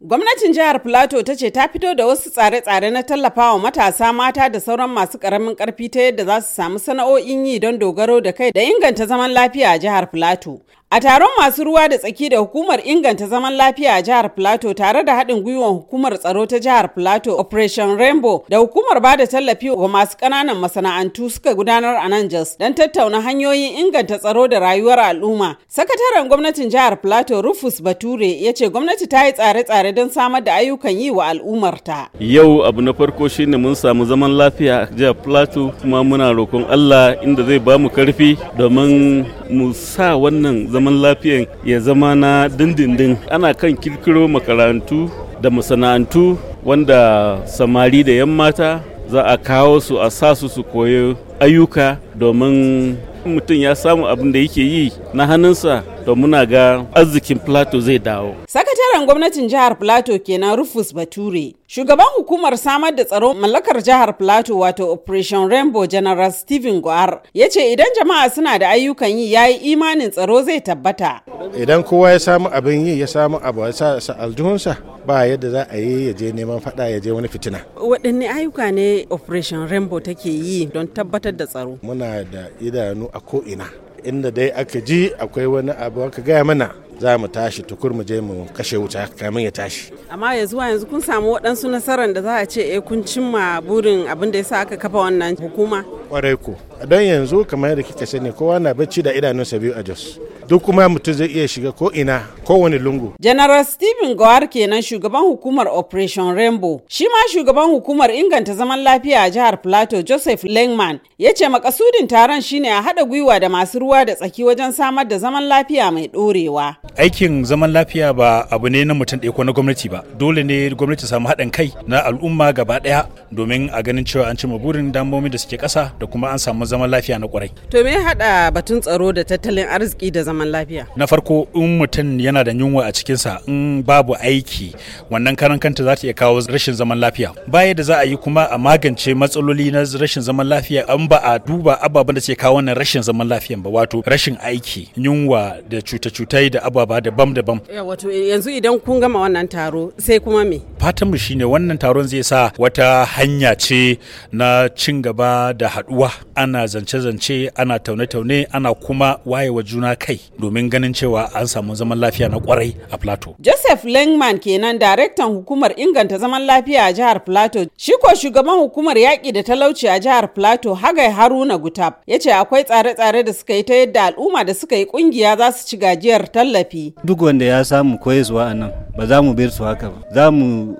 Gwamnatin jihar Filato ta ce ta fito da wasu tsare-tsare na tallafawa matasa mata da sauran masu ƙaramin ƙarfi ta yadda za su samu sana'o'in yi don dogaro da kai da inganta zaman lafiya a jihar Filato. A taron masu ruwa da tsaki da hukumar inganta zaman lafiya a jihar Plateau tare da haɗin gwiwar hukumar tsaro ta jihar Plateau Operation Rainbow da hukumar ba da tallafi wa masu ƙananan masana'antu suka gudanar a nan Jos don tattauna hanyoyin inganta tsaro da rayuwar al'umma. Sakataren gwamnatin jihar Plateau Rufus Bature ya ce gwamnati ta yi tsare-tsare don samar da ayyukan yi wa al'ummarta. Yau abu na farko shine mun samu zaman lafiya a jihar Plateau kuma muna roƙon Allah inda zai bamu karfi domin mu sa wannan zaman lafiyan ya zama na dindindin ana kan kirkiro makarantu da masana'antu wanda samari da 'yan mata za a kawo su a sa su su koyo ayyuka domin mutum ya samu abin da yake yi na hannunsa to muna ga arzikin plateau zai dawo sakataren gwamnatin jihar plateau kenan rufus bature shugaban hukumar samar da tsaro mallakar jihar plateau wato operation rainbow general steven gwar ya ce idan jama'a suna da ayyukan yi ya yi imanin tsaro zai tabbata idan kowa ya samu abin yi ya samu abu ya sa aljihunsa ba yadda za a yi ya je neman fada ya je wani fitina waɗanne ayyuka ne operation rainbow take yi don tabbatar da tsaro muna da idanu a ko'ina inda dai aka ji akwai wani abu aka gaya mana za mu tashi tukur mu je mu kashe wuta kamin ya tashi. Amma ya zuwa yanzu kun samu waɗansu nasarar da za a ce eh kun cimma burin abin da ya sa aka kafa wannan hukuma? Kwarai ko don yanzu kamar yadda kika sani kowa na bacci da idanunsa biyu a jos duk kuma mutum zai iya shiga ko ina kowane lungu general stephen gowar kenan shugaban hukumar operation rainbow shi ma shugaban hukumar inganta zaman lafiya a jihar plateau joseph langman ya ce makasudin taron shine a haɗa gwiwa da masu ruwa da tsaki wajen samar da zaman lafiya mai ɗorewa aikin zaman lafiya ba abu ne na mutum ɗaya ko na gwamnati ba dole ne gwamnati samu haɗin kai na al'umma gaba ɗaya domin a ganin cewa an cimma burin damomin da suke ƙasa da kuma an samu zaman lafiya na kwarai. To me haɗa batun tsaro da tattalin arziki da zaman lafiya? Na farko in mutum yana da yunwa a cikinsa in babu aiki wannan karan kanta za ta iya kawo rashin zaman lafiya. Baya da za a yi kuma a magance matsaloli na rashin zaman lafiya an ba a duba ababen da ke kawo wannan rashin zaman lafiyan ba wato rashin aiki yunwa da cuta-cutai da ababa daban-daban. Wato yanzu idan kun gama wannan taro sai kuma me? fatanmu shine wannan taron zai sa wata hanya ce na cin gaba da haɗuwa ana zance-zance ana taune-taune ana kuma wayewa juna kai domin ganin cewa an samu zaman lafiya na kwarai a plateau joseph langman kenan daraktan hukumar inganta zaman lafiya a jihar plateau shi ko shugaban hukumar yaƙi da talauci a jihar plateau hagai haruna gutab ya ce akwai tsare-tsare da suka yi ta yadda al'umma da suka yi kungiya za su ci gajiyar tallafi duk wanda ya samu koyaswa a nan ba za mu bar su haka ba za mu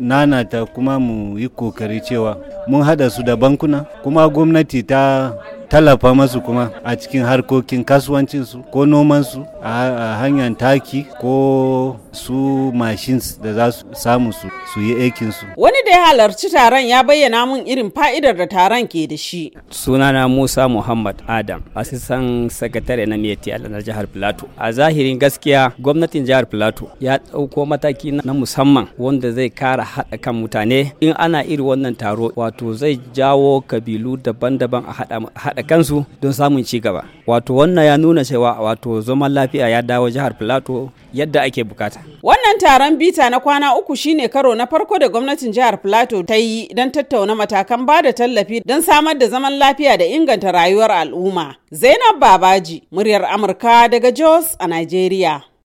nanata kuma mu yi kokari cewa mun hada su da bankuna kuma gwamnati ta tallafa masu kuma a cikin harkokin kasuwancinsu ko nomansu a hanyar taki ko su mashins da za su samu su yi aikinsu. Wani da ya halarci taron ya bayyana mun irin fa'idar da taron ke da shi. Sunana Musa Muhammad Adam, asisan sakatare na a na jihar Filato. A zahirin gaskiya gwamnatin jihar Filato ya ɗauko mataki na musamman wanda zai kara haɗa kan mutane in ana irin wannan taro wato zai jawo kabilu daban-daban a haɗa da kansu don samun ci gaba wato wannan ya nuna cewa wato zaman lafiya ya dawo jihar plateau yadda ake bukata wannan taron bita na kwana uku shine karo na farko da gwamnatin jihar plateau ta yi don tattauna matakan ba da tallafi don samar da zaman lafiya da inganta rayuwar al'umma zainab babaji muryar amurka daga jos a nigeria